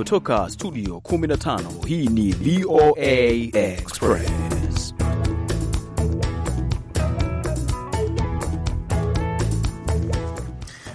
kutoka studio 15 hii ni VOA Express.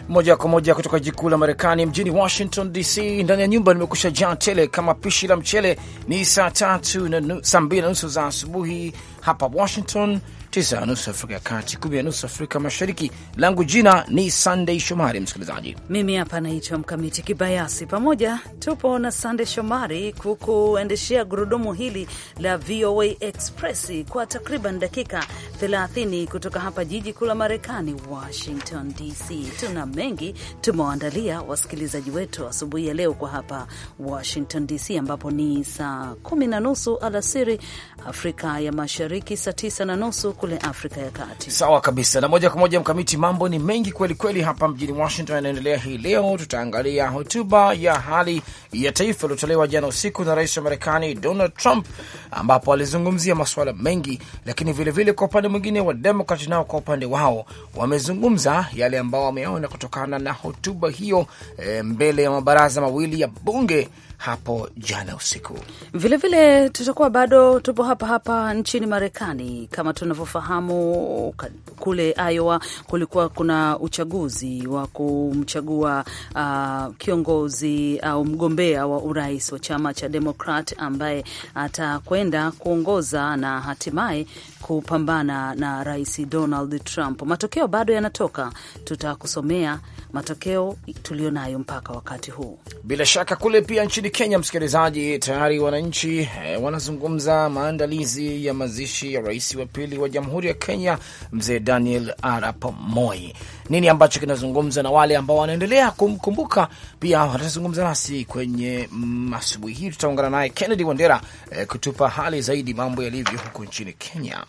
Moja kwa moja kutoka jikuu la Marekani mjini Washington DC, ndani ya nyumba nimekusha jaa tele kama pishi la mchele. Ni saa tatu na saa mbili na nusu za asubuhi hapa Washington tisa na nusu Afrika ya Kati, kumi na nusu Afrika Mashariki. Langu jina ni Sandey Shomari. Msikilizaji, mimi hapa naitwa Mkamiti Kibayasi. Pamoja tupo na sandey Shomari kukuendeshea gurudumu hili la VOA Express kwa takriban dakika 30 kutoka hapa jiji kuu la Marekani, Washington DC. Tuna mengi tumewaandalia wasikilizaji wetu asubuhi ya leo kwa hapa Washington DC, ambapo ni saa kumi na nusu alasiri Afrika ya Mashariki, saa tisa na nusu kule Afrika ya Kati. Sawa kabisa, na moja kwa moja mkamiti, mambo ni mengi kweli kweli hapa mjini Washington yanaendelea hii leo. Tutaangalia hotuba ya hali ya taifa iliyotolewa jana usiku na rais wa Marekani Donald Trump, ambapo alizungumzia masuala mengi, lakini vilevile kwa upande mwingine wa Demokrat nao kwa upande wao wamezungumza yale ambao wameona kutokana na hotuba hiyo e, mbele ya mabaraza mawili ya bunge hapo jana usiku. Vilevile tutakuwa bado tupo hapa hapa nchini Marekani. Kama tunavyofahamu, kule Iowa kulikuwa kuna uchaguzi wa kumchagua uh, kiongozi ah, au uh, mgombea wa urais wa chama cha Demokrat ambaye atakwenda kuongoza na hatimaye kupambana na Rais Donald Trump. Matokeo bado yanatoka, tutakusomea matokeo tulionayo mpaka wakati huu. Bila shaka kule pia nchini Kenya, msikilizaji, tayari wananchi eh, wanazungumza maandalizi ya mazishi ya rais wa pili wa jamhuri ya Kenya, mzee Daniel Arap Moi. Nini ambacho kinazungumza na wale ambao wanaendelea kumkumbuka pia watazungumza nasi kwenye mm, asubuhi hii. Tutaungana naye Kennedy Wandera eh, kutupa hali zaidi mambo yalivyo huko nchini Kenya.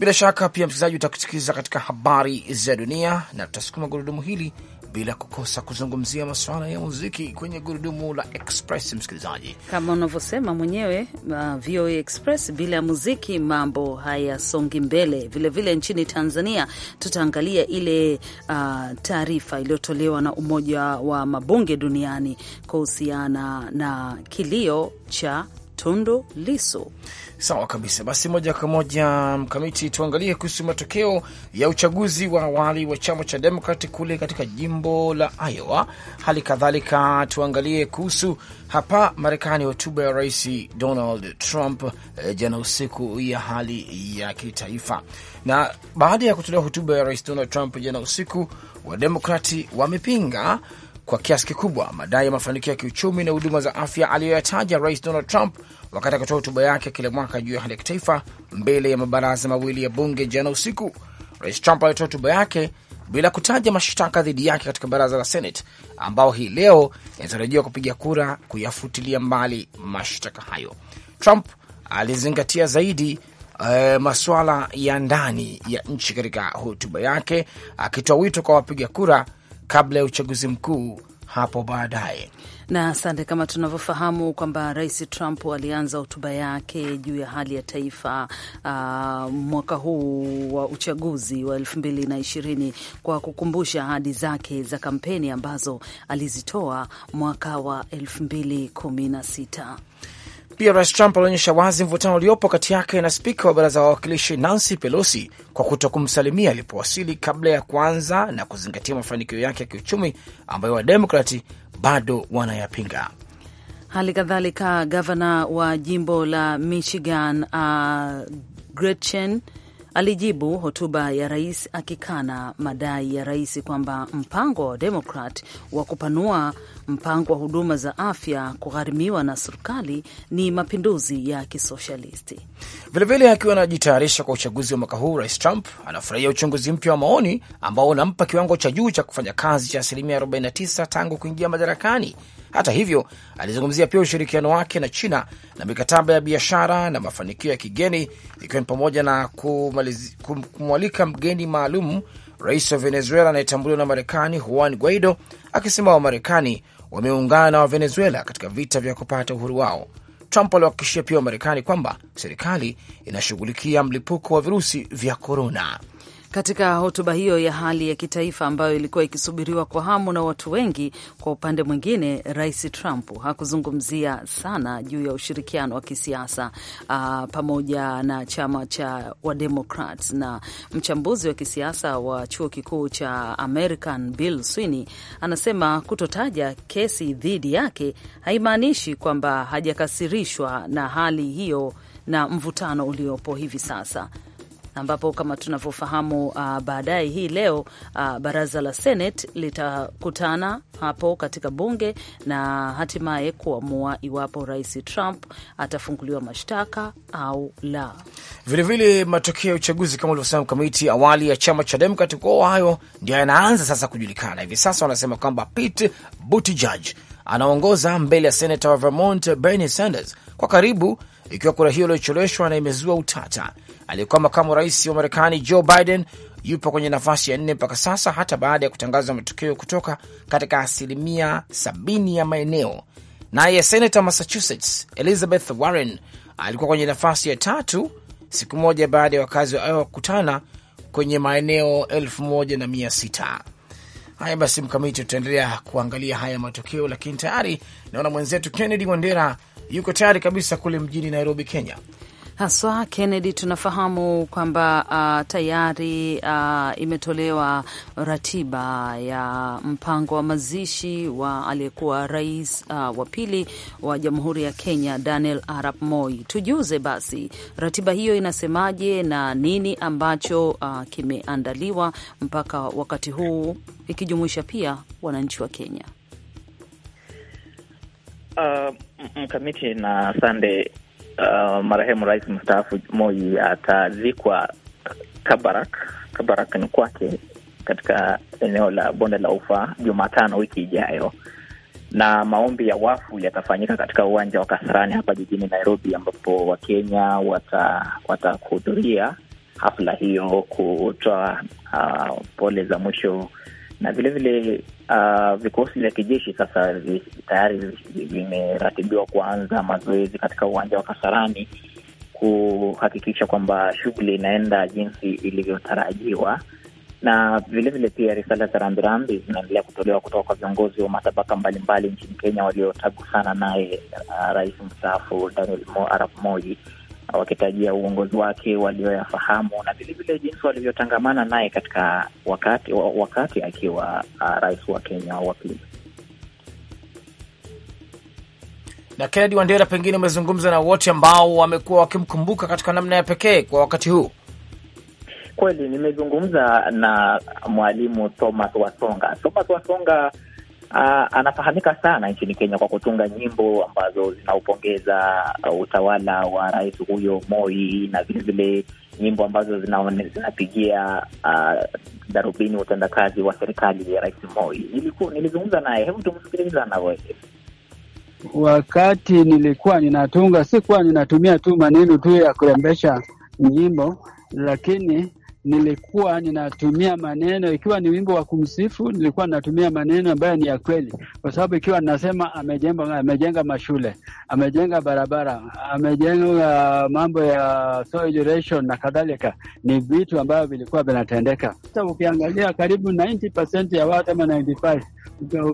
Bila shaka pia msikilizaji, utakusikiliza katika habari za dunia, na tutasukuma gurudumu hili bila kukosa kuzungumzia masuala ya muziki kwenye gurudumu la Express. Msikilizaji, kama unavyosema mwenyewe, uh, VOA Express bila ya muziki mambo hayasongi mbele. Vilevile nchini Tanzania tutaangalia ile uh, taarifa iliyotolewa na Umoja wa Mabunge Duniani kuhusiana na kilio cha Tundu Lisu. Sawa kabisa. Basi moja kwa moja mkamiti, tuangalie kuhusu matokeo ya uchaguzi wa awali wa chama cha Demokrati kule katika jimbo la Iowa. Hali kadhalika tuangalie kuhusu hapa Marekani, hotuba ya Rais Donald Trump eh, jana usiku ya hali ya kitaifa. Na baada ya kutolewa hotuba ya Rais Donald Trump jana usiku, Wademokrati wamepinga kwa kiasi kikubwa madai ya mafanikio ya kiuchumi na huduma za afya aliyoyataja Rais Donald Trump wakati akitoa hotuba yake kila mwaka juu ya hali ya kitaifa mbele ya mabaraza mawili ya bunge jana usiku. Rais Trump alitoa hotuba yake bila kutaja mashtaka dhidi yake katika baraza la Senate ambao hii leo inatarajiwa kupiga kura kuyafutilia mbali mashtaka hayo. Trump alizingatia zaidi e, eh, masuala ya ndani ya nchi katika hotuba yake, akitoa wito kwa wapiga kura kabla ya uchaguzi mkuu hapo baadaye. Na asante. Kama tunavyofahamu kwamba Rais Trump alianza hotuba yake juu ya hali ya taifa uh, mwaka huu wa uchaguzi wa elfu mbili na ishirini kwa kukumbusha ahadi zake za kampeni ambazo alizitoa mwaka wa elfu mbili kumi na sita. Pia Rais Trump alionyesha wazi mvutano uliopo kati yake na spika wa baraza la wawakilishi Nancy Pelosi kwa kuto kumsalimia alipowasili kabla ya kuanza na kuzingatia mafanikio yake ya kiuchumi ambayo Wademokrati bado wanayapinga. Hali kadhalika gavana wa jimbo la Michigan uh, Gretchen alijibu hotuba ya rais akikana madai ya rais kwamba mpango wa Demokrat wa kupanua mpango wa huduma za afya kugharimiwa na serikali ni mapinduzi ya kisoshalisti. Vilevile, akiwa anajitayarisha kwa uchaguzi wa mwaka huu, rais Trump anafurahia uchunguzi mpya wa maoni ambao unampa kiwango cha juu cha kufanya kazi cha asilimia 49 tangu kuingia madarakani hata hivyo, alizungumzia pia ushirikiano wake na China na mikataba ya biashara na mafanikio ya kigeni, ikiwa ni pamoja na kumwalika mgeni maalum rais wa Venezuela anayetambuliwa na Marekani Juan Guaido, akisema Wamarekani wameungana na Wavenezuela katika vita vya kupata uhuru wao. Trump aliwahakikishia pia Wamarekani kwamba serikali inashughulikia mlipuko wa virusi vya korona. Katika hotuba hiyo ya hali ya kitaifa ambayo ilikuwa ikisubiriwa kwa hamu na watu wengi, kwa upande mwingine, Rais Trump hakuzungumzia sana juu ya ushirikiano wa kisiasa uh, pamoja na chama cha Wademokrat. Na mchambuzi wa kisiasa wa chuo kikuu cha American Bill Sweeney anasema kutotaja kesi dhidi yake haimaanishi kwamba hajakasirishwa na hali hiyo na mvutano uliopo hivi sasa ambapo kama tunavyofahamu uh, baadaye hii leo uh, baraza la Senate litakutana hapo katika bunge na hatimaye kuamua iwapo rais Trump atafunguliwa mashtaka au la. Vilevile matokeo ya uchaguzi kama ulivyosema mkamiti awali ya chama cha Demokrat huko Ohio ndio yanaanza sasa kujulikana hivi sasa. Wanasema kwamba Pete Buttigieg anaongoza mbele ya senata wa Vermont Bernie Sanders kwa karibu ikiwa kura hiyo iliyocheleweshwa na imezua utata. Aliyekuwa makamu rais wa Marekani Joe Biden yupo kwenye nafasi ya nne mpaka sasa, hata baada ya kutangaza matokeo kutoka katika asilimia sabini ya maeneo. Naye senata Massachusetts Elizabeth Warren alikuwa kwenye nafasi ya tatu siku moja baada ya wakazi wa Iowa kukutana kwenye maeneo elfu moja na mia sita. Haya basi, Mkamiti, tutaendelea kuangalia haya matokeo, lakini tayari naona mwenzetu Kennedy Wandera yuko tayari kabisa kule mjini Nairobi, Kenya haswa Kennedy, tunafahamu kwamba uh, tayari uh, imetolewa ratiba ya mpango wa mazishi wa aliyekuwa rais uh, wa pili wa jamhuri ya Kenya, Daniel Arap Moi. Tujuze basi ratiba hiyo inasemaje na nini ambacho uh, kimeandaliwa mpaka wakati huu, ikijumuisha pia wananchi wa Kenya uh mkamiti mm-hmm. na sande. Uh, marehemu rais mstaafu Moi atazikwa Kabarak, Kabarak ni kwake katika eneo la bonde la Ufa Jumatano wiki ijayo, na maombi ya wafu yatafanyika katika uwanja wa Kasarani hapa jijini Nairobi, ambapo Wakenya watahudhuria wata hafla hiyo kutoa uh, pole za mwisho na vilevile uh, ah, vikosi vya kijeshi sasa tayari vimeratibiwa kuanza mazoezi katika uwanja wa Kasarani kuhakikisha kwamba shughuli inaenda jinsi ilivyotarajiwa, na vilevile pia risala za rambirambi zinaendelea kutolewa kutoka kwa viongozi wa matabaka mbalimbali nchini Kenya waliotagusana naye uh, rais mstaafu Daniel Arap Moi wakitajia uongozi wake walioyafahamu na vilevile jinsi walivyotangamana naye katika wakati wakati akiwa uh, rais wa Kenya wa pili. Na Kennedy Wandera, pengine umezungumza na wote ambao wamekuwa wakimkumbuka katika namna ya pekee kwa wakati huu. Kweli nimezungumza na mwalimu Thomas Wasonga. Thomas Wasonga uh, anafahamika sana nchini Kenya kwa kutunga nyimbo ambazo zinaupongeza uh, utawala wa rais huyo Moi na vilevile nyimbo ambazo zinapigia uh, darubini utendakazi wa serikali ya rais Moi. Niliku, nilizungumza naye, hebu tumsikiliza anavyoeleza. Wakati nilikuwa ninatunga, sikuwa ninatumia tu maneno tu ya kurembesha nyimbo, lakini nilikuwa ninatumia maneno, ikiwa ni wimbo wa kumsifu, nilikuwa ninatumia maneno ambayo ni ya kweli, kwa sababu ikiwa ninasema amejenga, amejenga mashule, amejenga barabara, amejenga mambo ya soil na kadhalika, ni vitu ambavyo vilikuwa vinatendeka. Sasa ukiangalia karibu 90% ya watu ama 95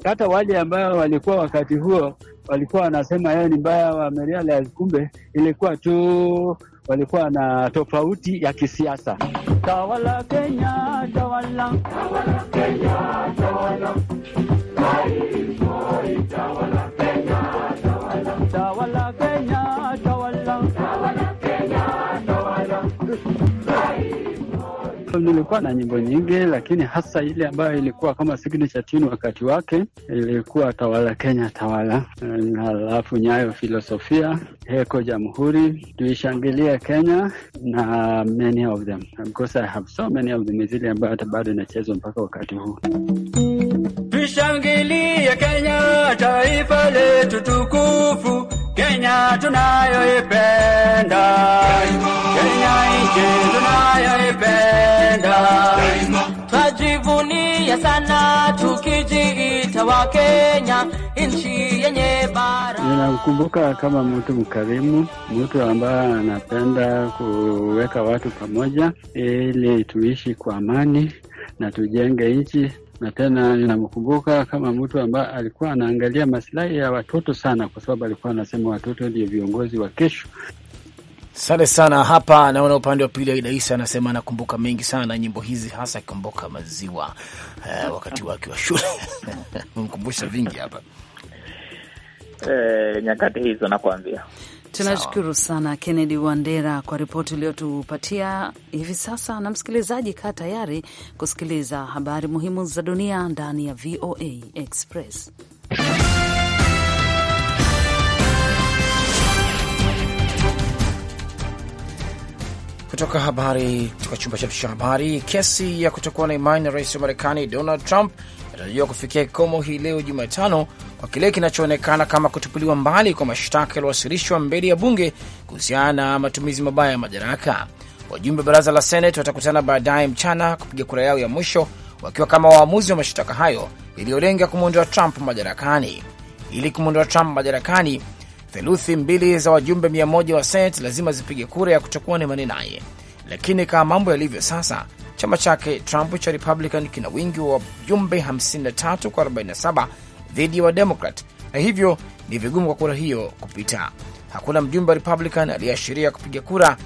hata wale ambayo walikuwa wakati huo walikuwa wanasema yeye ni mbaya, wamerealize kumbe ilikuwa tu walikuwa na tofauti ya kisiasa. Tawala Kenya, tawala. Tawala Kenya, tawala. Tawala Kenya, tawala. Tawala Kenya. Samson nilikuwa na nyimbo nyingi, lakini hasa ile ambayo ilikuwa kama signature tune wakati wake ilikuwa Tawala Kenya Tawala, alafu Nyayo Filosofia, Heko Jamhuri, Tuishangilie Kenya na many of them because I have so many of them, zile ambayo hata bado inachezwa mpaka wakati huu. Tuishangilie Kenya, taifa letu tukufu Kenya tunayoipenda, Kenya nchi tunayoipenda, twajivunia sana tukijiita wa Kenya, nchi yenye bara. Ninamkumbuka kama mtu mkarimu, mtu ambaye anapenda kuweka watu pamoja ili tuishi kwa amani na tujenge nchi na tena ninamkumbuka kama mtu ambaye alikuwa anaangalia masilahi ya watoto sana, kwa sababu alikuwa anasema watoto ndio viongozi wa kesho. sante sana. Hapa naona upande wa pili Aida Isa anasema anakumbuka mengi sana nyimbo hizi, hasa akikumbuka maziwa uh, wakati wake wa shule mkumbusha vingi hapa eh, nyakati hizo nakuambia. Tunashukuru sana Kennedy Wandera kwa ripoti uliotupatia hivi sasa. Na msikilizaji, kaa tayari kusikiliza habari muhimu za dunia ndani ya VOA Express. Kutoka habari kutoka chumba chetu cha habari, kesi ya kutokuwa na imani na rais wa Marekani Donald Trump inatarajiwa kufikia kikomo hii leo Jumatano kwa kile kinachoonekana kama kutupiliwa mbali kwa mashtaka yaliyowasilishwa mbele ya bunge kuhusiana na matumizi mabaya ya madaraka. Wajumbe wa baraza la Seneti watakutana baadaye mchana kupiga kura yao ya mwisho wakiwa kama waamuzi wa mashtaka hayo yaliyolenga kumwondoa Trump madarakani. Ili kumwondoa Trump madarakani, theluthi mbili za wajumbe mia moja wa Seneti lazima zipige kura ya kutokuwa na imani naye lakini kama mambo yalivyo sasa, chama chake Trump cha Republican kina wingi wa wajumbe 53 kwa 47 dhidi ya Wademokrat, na hivyo ni vigumu kwa kura hiyo kupita. Hakuna mjumbe wa Republican aliyeashiria kupiga kura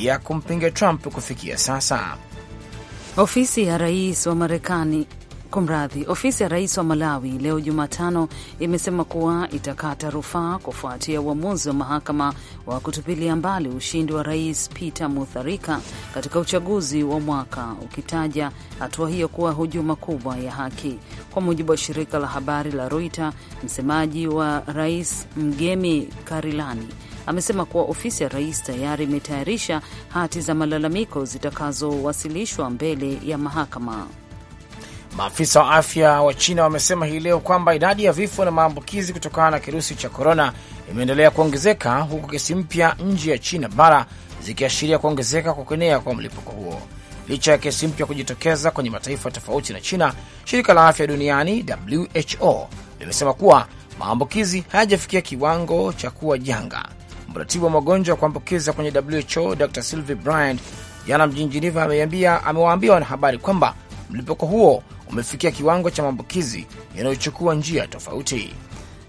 ya kumpinga Trump kufikia sasa. Ofisi ya rais wa Marekani Kumradhi, ofisi ya rais wa Malawi leo Jumatano imesema kuwa itakata rufaa kufuatia uamuzi wa mahakama wa kutupilia mbali ushindi wa rais Peter Mutharika katika uchaguzi wa mwaka, ukitaja hatua hiyo kuwa hujuma kubwa ya haki. Kwa mujibu wa shirika la habari la Reuters, msemaji wa rais Mgemi Karilani amesema kuwa ofisi ya rais tayari imetayarisha hati za malalamiko zitakazowasilishwa mbele ya mahakama. Maafisa wa afya wa China wamesema hii leo kwamba idadi ya vifo na maambukizi kutokana na kirusi cha korona imeendelea kuongezeka huku kesi mpya nje ya China bara zikiashiria kuongezeka kwa kuenea kwa mlipuko huo. Licha ya kesi mpya kujitokeza kwenye mataifa tofauti na China, shirika la afya duniani WHO limesema kuwa maambukizi hayajafikia kiwango cha kuwa janga. Mratibu wa magonjwa ya kuambukiza kwenye WHO Dr Sylvie Bryant jana mjini jeneva amewaambia wanahabari kwamba mlipuko huo umefikia kiwango cha maambukizi yanayochukua njia tofauti.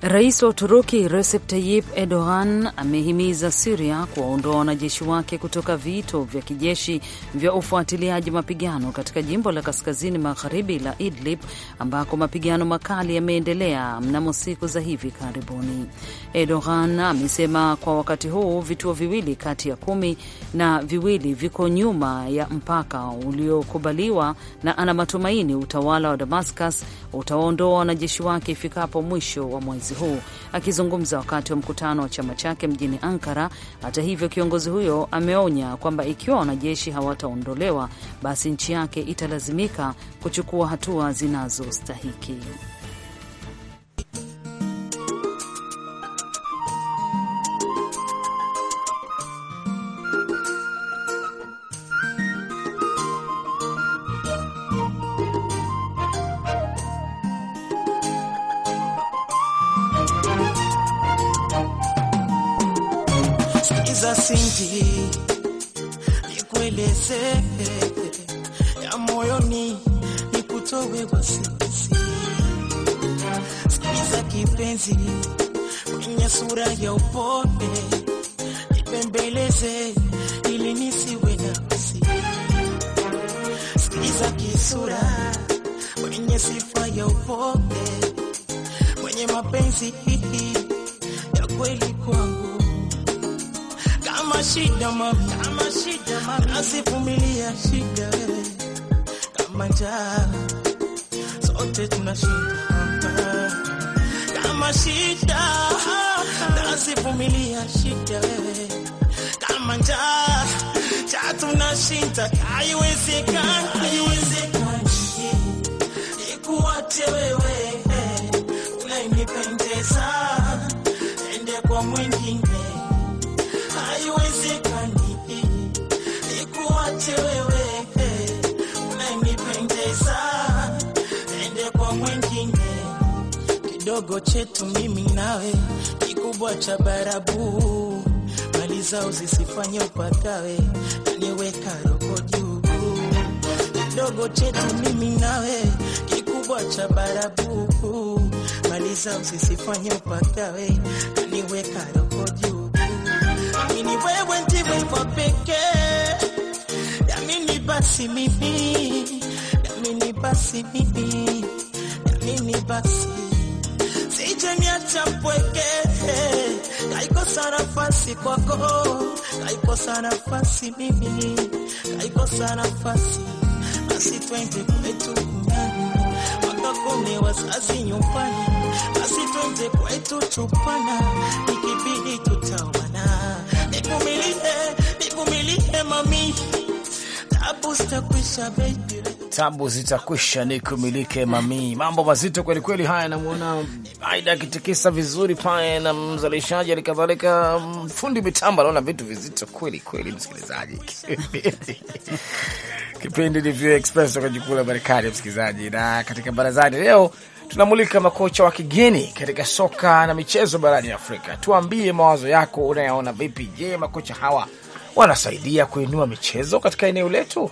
Rais wa Uturuki Recep Tayyip Erdogan amehimiza Siria kuwaondoa wanajeshi wake kutoka vito vya kijeshi vya ufuatiliaji mapigano katika jimbo la kaskazini magharibi la Idlib ambako mapigano makali yameendelea mnamo siku za hivi karibuni. Erdogan amesema kwa wakati huu vituo viwili kati ya kumi na viwili viko nyuma ya mpaka uliokubaliwa na ana matumaini utawala wa Damascus utawaondoa wanajeshi wake ifikapo mwisho wa mwezi huu. Akizungumza wakati wa mkutano wa chama chake mjini Ankara, hata hivyo, kiongozi huyo ameonya kwamba ikiwa wanajeshi hawataondolewa, basi nchi yake italazimika kuchukua hatua zinazostahiki. kama shida mami, kama shida mami, nasivumilia shida wewe, kama njaa sote tuna shida hapa, kama shida nasivumilia shida wewe, kama njaa cha tuna shida, haiwezekani, haiwezekani ikuache wewe chetu mimi nawe, kikubwa cha barabu, mali zao zisifanye upagawe, aniweka roho juu, kidogo chetu mimi nawe, kikubwa cha barabu, mali zao zisifanye upagawe, aniweka roho juu, Mimi wewe ndiwe kwa pekee, mimi basi mimi, ya mimi basi mimi, ya mimi basi mimi. Nicheniacha mpweke, kaikosa nafasi kwako, kaikosa nafasi mimi, kaikosa nafasi basi, twende kwetu kunyani, wakakome wazazi nyumbani, basi twende kwetu tupana, ikibidi tutaumana, nikumilie, nikumilie mami Tabu zitakwisha ni kumilike mami. Mambo mazito kweli kweli haya, namwona Aida akitikisa vizuri pale, na mzalishaji alikadhalika fundi mitambo naona vitu vizito kweli kweli. Msikilizaji, kipindi ni View Express toka jikuu la Marekani, msikilizaji, na katika barazani leo tunamulika makocha wa kigeni katika soka na michezo barani Afrika. Tuambie mawazo yako, unayaona vipi? Je, makocha hawa wanasaidia kuinua michezo katika eneo letu.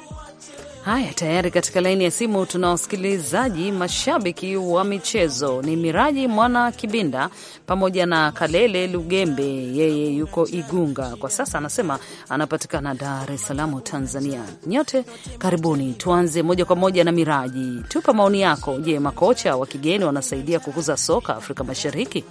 Haya, tayari katika laini ya simu tuna wasikilizaji mashabiki wa michezo, ni Miraji Mwana Kibinda pamoja na Kalele Lugembe, yeye yuko Igunga kwa sasa, anasema anapatikana Dar es Salaam, Tanzania. Nyote karibuni, tuanze moja kwa moja na Miraji, tupa maoni yako. Je, makocha wa kigeni wanasaidia kukuza soka Afrika Mashariki?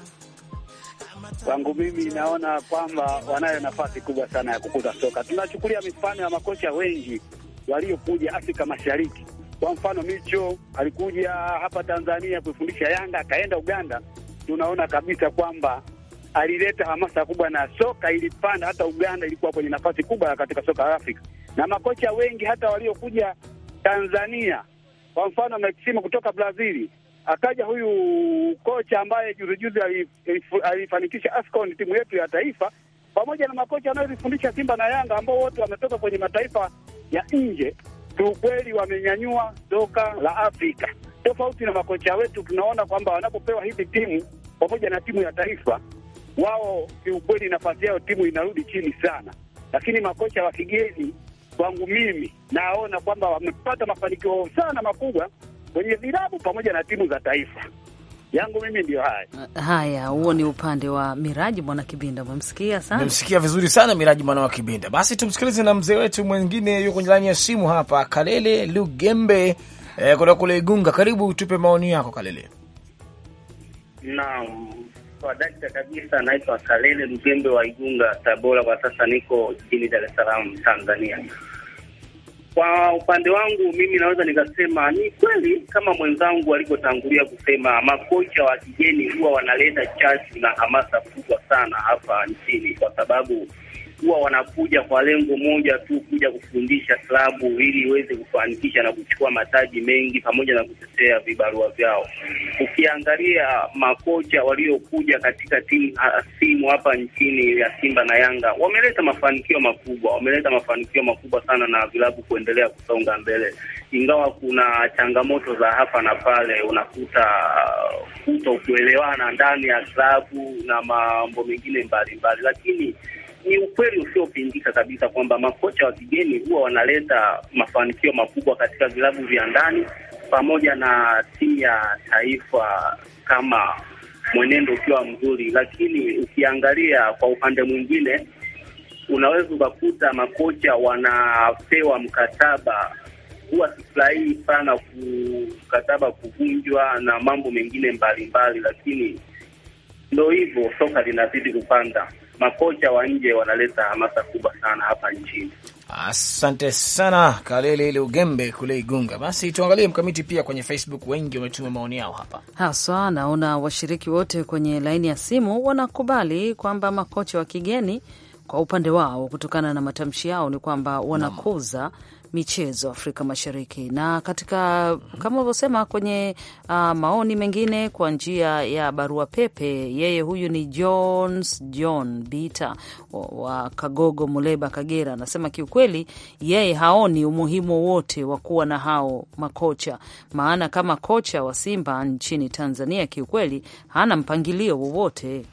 Kwangu mimi naona kwamba wanayo nafasi kubwa sana ya kukuza soka. Tunachukulia mifano ya makocha wengi waliokuja Afrika Mashariki. Kwa mfano, Micho alikuja hapa Tanzania kuifundisha Yanga, akaenda Uganda. Tunaona kabisa kwamba alileta hamasa kubwa na soka ilipanda, hata Uganda ilikuwa kwenye nafasi kubwa katika soka la Afrika, na makocha wengi hata waliokuja Tanzania, kwa mfano Maximo kutoka Brazili akaja huyu kocha ambaye juzijuzi alifanikisha AFCON timu yetu ya taifa, pamoja na makocha anayozifundisha Simba na Yanga ambao wote wametoka kwenye mataifa ya nje. Kiukweli wamenyanyua soka la Afrika, tofauti na makocha wetu. Tunaona kwamba wanapopewa hizi timu pamoja na timu ya taifa, wao kiukweli nafasi yao timu inarudi chini sana, lakini makocha wa kigeni kwangu mimi naona kwamba wamepata mafanikio sana makubwa kwenye vilabu pamoja na timu za taifa. Yangu mimi ndio haya haya. Huo ni upande wa Miraji Mwana Kibinda. Umemsikia sana, umemsikia vizuri sana Miraji Mwana wa Kibinda. Basi tumsikilize na mzee wetu mwingine yuko kwenye laini ya simu hapa, Kalele Lugembe eh, kutoka kule Igunga. Karibu, tupe maoni yako Kalele. Naam, kwa dakika kabisa, naitwa Kalele Lugembe wa Igunga, Tabora. Kwa sasa niko jijini Dar es Salaam, Tanzania. Kwa upande wangu mimi naweza nikasema ni kweli kama mwenzangu alivyotangulia kusema, makocha wa kigeni huwa wanaleta chachu na hamasa kubwa sana hapa nchini, kwa sababu huwa wanakuja kwa lengo moja tu, kuja kufundisha klabu ili iweze kufanikisha na kuchukua mataji mengi pamoja na kutetea vibarua vyao. Ukiangalia makocha waliokuja katika timu hasimu hapa nchini ya Simba na Yanga wameleta mafanikio makubwa, wameleta mafanikio makubwa sana na vilabu kuendelea kusonga mbele, ingawa kuna changamoto za hapa na pale, unakuta uh, kuto kuelewana ndani ya klabu na mambo mengine mbalimbali, lakini ni ukweli usiopingika kabisa kwamba makocha wa kigeni huwa wanaleta mafanikio makubwa katika vilabu vya ndani pamoja na timu ya taifa kama mwenendo ukiwa mzuri, lakini ukiangalia kwa upande mwingine, unaweza ukakuta makocha wanapewa mkataba. Huwa sifurahii sana mkataba kuvunjwa na mambo mengine mbalimbali mbali, lakini ndo hivyo soka linazidi kupanda makocha wa nje wanaleta hamasa kubwa sana hapa nchini. Asante sana Kalele ile Ugembe kule Igunga. Basi tuangalie mkamiti pia kwenye Facebook, wengi wametuma maoni yao hapa haswa. Naona washiriki wote kwenye laini ya simu wanakubali kwamba makocha wa kigeni kwa upande wao, kutokana na matamshi yao, ni kwamba wanakuza michezo Afrika Mashariki. Na katika kama ulivyosema kwenye uh, maoni mengine kwa njia ya barua pepe, yeye huyu ni Jones John Bita wa Kagogo, Muleba, Kagera, anasema kiukweli yeye haoni umuhimu wowote wa kuwa na hao makocha, maana kama kocha wa Simba nchini Tanzania kiukweli hana mpangilio wowote.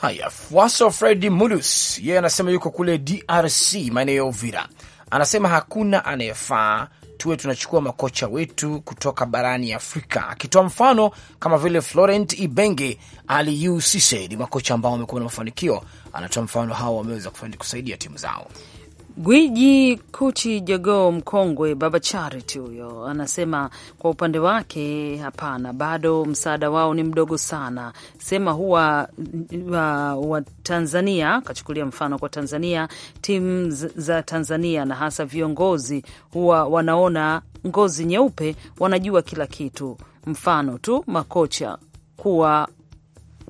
Haya, Fuaso Fredi Mulus yeye anasema yuko kule DRC maeneo ya Uvira anasema hakuna anayefaa tuwe tunachukua makocha wetu kutoka barani Afrika, akitoa mfano kama vile Florent Ibenge, Aliou sise Ni makocha ambao wamekuwa na mafanikio, anatoa mfano hao wameweza kusaidia timu zao. Gwiji kuchi Jogoo mkongwe Baba Charity huyo anasema kwa upande wake, hapana, bado msaada wao ni mdogo sana. Sema huwa wa Tanzania, kachukulia mfano kwa Tanzania, timu za Tanzania na hasa viongozi huwa wanaona ngozi nyeupe wanajua kila kitu, mfano tu makocha kuwa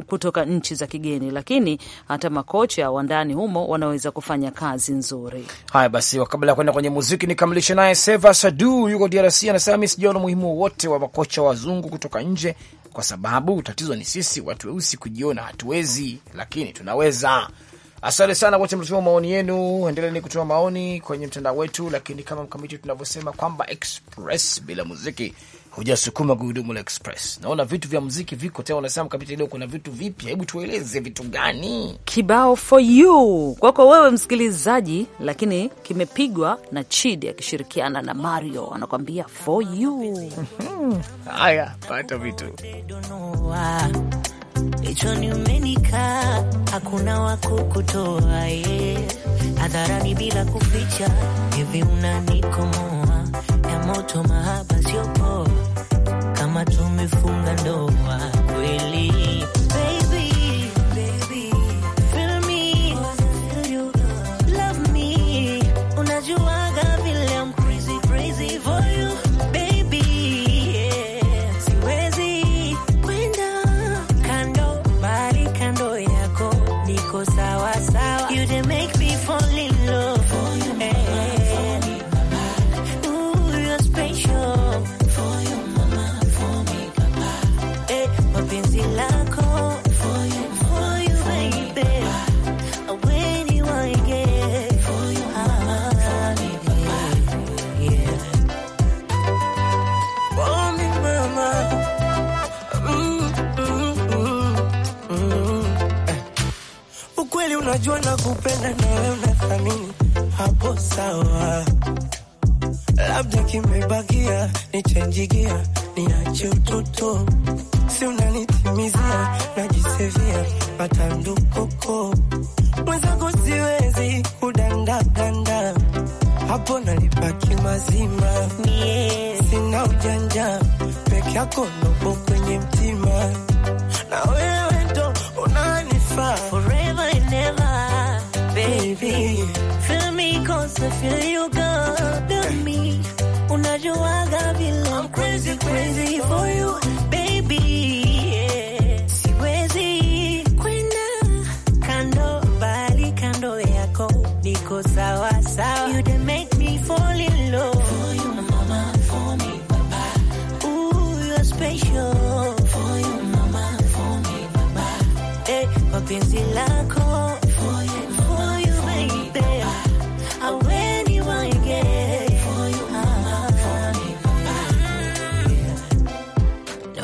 kutoka nchi za kigeni, lakini hata makocha wa ndani humo wanaweza kufanya kazi nzuri. Haya basi, kabla ya kwenda kwenye muziki nikamilishe naye Seva Sadu yuko DRC, anasema mi sijaona umuhimu wowote wa makocha wazungu kutoka nje kwa sababu tatizo ni sisi watu weusi kujiona hatuwezi, lakini tunaweza. Asante sana wote mlituma maoni yenu, endeleni kutuma maoni kwenye mtandao wetu, lakini kama mkamiti tunavyosema kwamba express bila muziki hujasukuma gurudumu la express. Naona vitu vya muziki viko tena, unasema kabisa leo kuna vitu vipya. Hebu tueleze vitu gani? Kibao for you kwako wewe msikilizaji, lakini kimepigwa na Chidi akishirikiana na Mario, anakwambia for you. Haya, pata vitu hakuna ye hadharani bila kuficha, hivi unanikomoa ya moto mahaba poa kama tumefunga ndoa nichenjigia niache utoto si unanitimizia najisevia matandukuko mwenzako siwezi kudandaganda hapo nalipaki mazima yeah. Sina ujanja peke yako nopo kwenye mtima na wewe ndo unanifaa forever and ever baby feel crazy for you.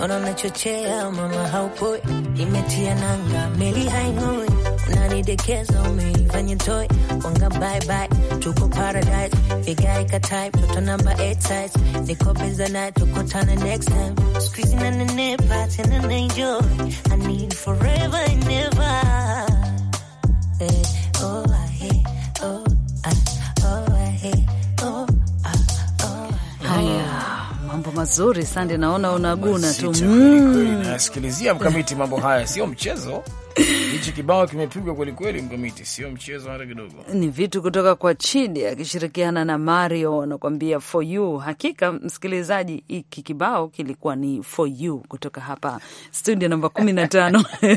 naona unachochea mama, haupoi imetia nanga, meli haing'oi, unanidekeza umeifanya toy, wanga, bye bye, tuko paradise, vigae ka type, toto namba eight size, niko beza naye, tukutana next time, siku hizi nanenepa tena na enjoy, I need forever and never, hey, eh, oh mazuri. Sande, naona unaguna tu mm. nasikilizia mkamiti, mambo haya sio mchezo. Hichi kibao kimepigwa kwelikweli, mkamiti, sio mchezo hata kidogo. Ni vitu kutoka kwa Chidi akishirikiana na Mario anakuambia for you. Hakika msikilizaji, hiki kibao kilikuwa ni for you kutoka hapa studio namba kumi na tano.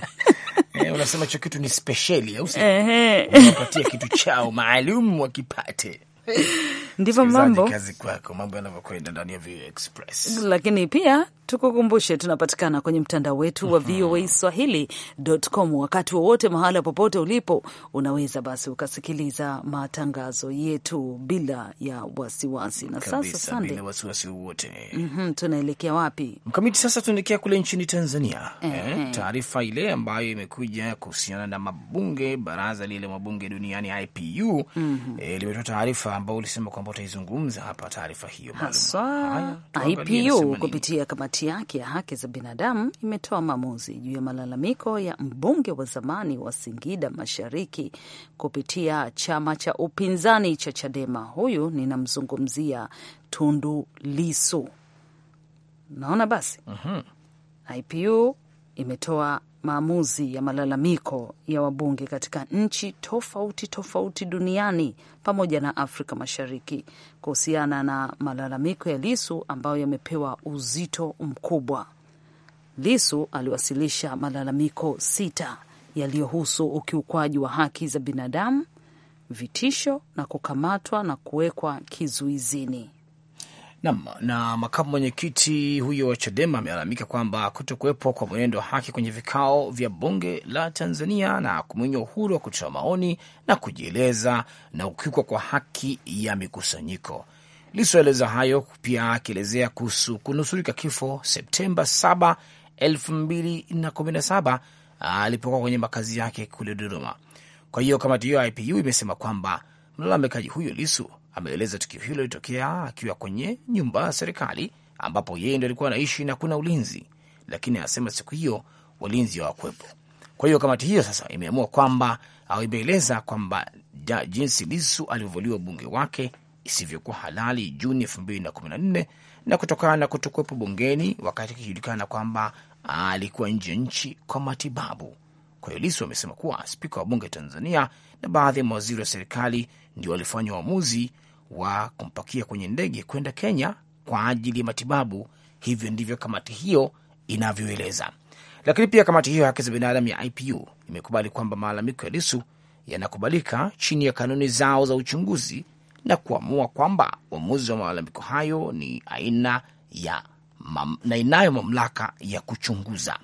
Eh, unasema hicho kitu ni spesheli au si? Unapatia kitu chao maalum wakipate Ndivyo mambo kazi kwako, mambo yanavyokwenda ndani ya VOA Express. Lakini pia Tukukumbushe, tunapatikana kwenye mtandao wetu wa mhm. VOA Swahili.com. Wakati wowote mahala popote ulipo, unaweza basi ukasikiliza matangazo yetu bila ya wasiwasi. Na sasa bila wasiwasi wowote, mm -hmm, tunaelekea wapi mkamiti? Sasa tunaelekea kule nchini Tanzania eh, eh, taarifa ile ambayo imekuja kuhusiana na mabunge, baraza lile mabunge duniani IPU, mm -hmm, eh, limetoa taarifa ambayo ulisema kwamba utaizungumza hapa, taarifa hiyo maalum IPU kupitia kamati kamati yake ya haki za binadamu imetoa maamuzi juu ya malalamiko ya mbunge wa zamani wa Singida Mashariki kupitia chama cha upinzani cha Chadema. Huyu ninamzungumzia Tundu Lisu. Naona basi, uh mhm. -huh. IPU imetoa maamuzi ya malalamiko ya wabunge katika nchi tofauti tofauti duniani pamoja na Afrika Mashariki kuhusiana na malalamiko ya Lisu ambayo yamepewa uzito mkubwa. Lisu aliwasilisha malalamiko sita yaliyohusu ukiukwaji wa haki za binadamu, vitisho na kukamatwa na kuwekwa kizuizini. Nam na makamu mwenyekiti huyo wa Chadema amelalamika kwamba kutokuwepo kwa mwenendo wa haki kwenye vikao vya bunge la Tanzania na kumwinywa uhuru wa kutoa maoni na kujieleza na ukiukwa kwa haki ya mikusanyiko. Lisoeleza hayo pia akielezea kuhusu kunusurika kifo Septemba 7, 2017 alipokuwa kwenye makazi yake kule Dodoma. Kwa hiyo kamati hiyo IPU imesema kwamba mlalamikaji huyo Lisu ameeleza tukio hilo lilitokea akiwa kwenye nyumba ya serikali ambapo yeye ndio alikuwa anaishi na kuna ulinzi, lakini anasema siku hiyo walinzi hawakuwepo. Kwa hiyo kamati hiyo sasa imeamua kwamba au imeeleza kwamba jinsi Lisu alivyovuliwa ubunge wake isivyokuwa halali Juni elfu mbili na kumi na nne na kutokana na kutokuwepo bungeni wakati akijulikana kwamba alikuwa nje ya nchi kwa matibabu. Kwa hiyo Lisu amesema kuwa spika wa bunge Tanzania na baadhi ya mawaziri wa serikali ndio walifanya uamuzi wa kumpakia kwenye ndege kwenda Kenya kwa ajili ya matibabu. Hivyo ndivyo kamati hiyo inavyoeleza. Lakini pia kamati hiyo ya haki za binadamu ya IPU imekubali kwamba malalamiko ya Lisu yanakubalika chini ya kanuni zao za uchunguzi na kuamua kwamba uamuzi wa malalamiko hayo ni aina ya mam, na inayo mamlaka ya kuchunguza.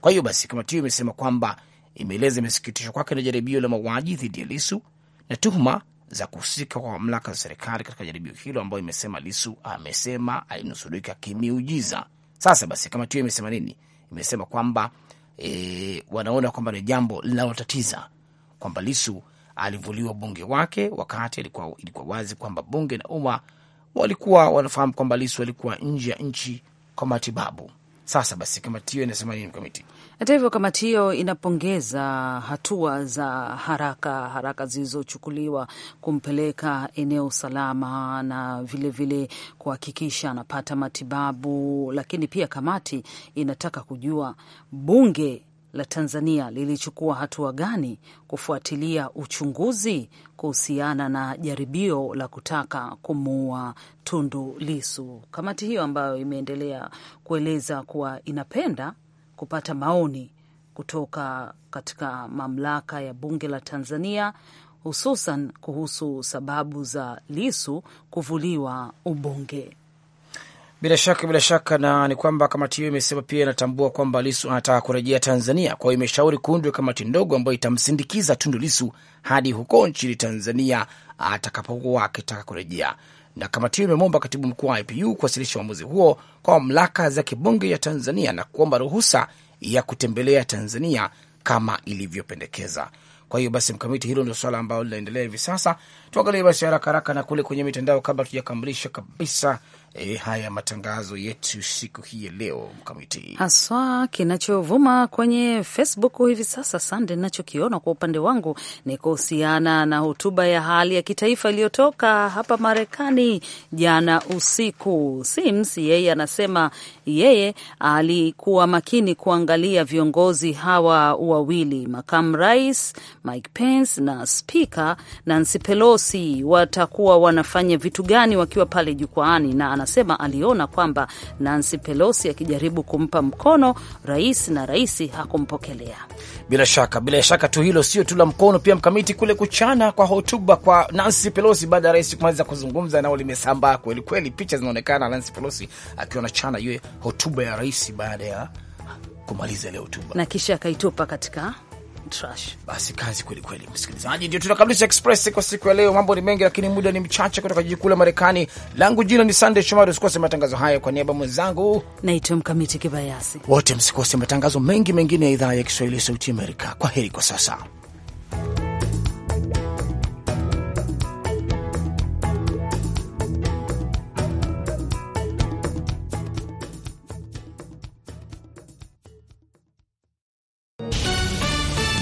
Kwa hiyo basi, kamati hiyo imesema kwamba imeeleza imesikitishwa kwake na jaribio la mauaji dhidi ya Lisu na tuhuma za kuhusika kwa mamlaka za serikali katika jaribio hilo, ambayo imesema Lisu amesema alinusurika kimiujiza. Sasa basi, kamati hiyo imesema nini? Imesema kwamba e, wanaona kwamba ni jambo linalotatiza kwamba Lisu alivuliwa bunge wake wakati ilikuwa, ilikuwa wazi kwamba bunge na umma walikuwa wanafahamu kwamba Lisu alikuwa nje ya nchi kwa matibabu. Sasa basi, kamati hiyo inasema nini? Kamati hata hivyo kamati hiyo inapongeza hatua za haraka haraka zilizochukuliwa kumpeleka eneo salama na vilevile kuhakikisha anapata matibabu, lakini pia kamati inataka kujua bunge la Tanzania lilichukua hatua gani kufuatilia uchunguzi kuhusiana na jaribio la kutaka kumuua Tundu Lisu. Kamati hiyo ambayo imeendelea kueleza kuwa inapenda kupata maoni kutoka katika mamlaka ya bunge la Tanzania hususan kuhusu sababu za Lisu kuvuliwa ubunge. Bila shaka, bila shaka, na ni kwamba kamati hiyo imesema pia inatambua kwamba Lisu anataka kurejea Tanzania. Kwa hiyo imeshauri kuundwe kamati ndogo ambayo itamsindikiza Tundu Lisu hadi huko nchini Tanzania atakapokuwa akitaka kurejea na kamati hiyo imemwomba katibu mkuu wa IPU kuwasilisha uamuzi huo kwa mamlaka za kibunge ya Tanzania na kuomba ruhusa ya kutembelea Tanzania kama ilivyopendekeza. Kwa hiyo basi, mkamiti, hilo ndio swala ambalo linaendelea hivi sasa. Tuangalie basi haraka haraka na kule kwenye mitandao kabla tujakamilisha kabisa e, haya matangazo yetu siku hii ya leo mkamiti, haswa kinachovuma kwenye Facebook hivi sasa. Sande, nachokiona kwa upande wangu ni kuhusiana na hotuba ya hali ya kitaifa iliyotoka hapa Marekani jana usiku. Sims yeye anasema yeye alikuwa makini kuangalia viongozi hawa wawili, makamu rais Mike Pence na spika Nancy Pelosi watakuwa wanafanya vitu gani wakiwa pale jukwaani na anasema aliona kwamba Nancy Pelosi akijaribu kumpa mkono rais na rais hakumpokelea. Bila shaka, bila shaka tu hilo sio tu la mkono, pia mkamiti kule kuchana kwa hotuba kwa Nancy Pelosi baada ya rais kumaliza kuzungumza, nao limesambaa kweli kweli. Picha zinaonekana Nancy Pelosi akiwa anachana iye hotuba ya rais baada ya kumaliza ile hotuba na kisha akaitupa katika trash. Basi kazi kweli kweli, msikilizaji, ndio tunakamilisha Express kwa siku ya leo. Mambo ni mengi, lakini muda ni mchache. Kutoka jiji kuu la Marekani, langu jina ni Sunday Shomari. Usikose matangazo haya, kwa niaba mwenzangu naitwa Mkamiti Kibayasi. Wote msikose matangazo mengi mengine ya idhaa ya Kiswahili ya Sauti Amerika. Kwa heri kwa sasa.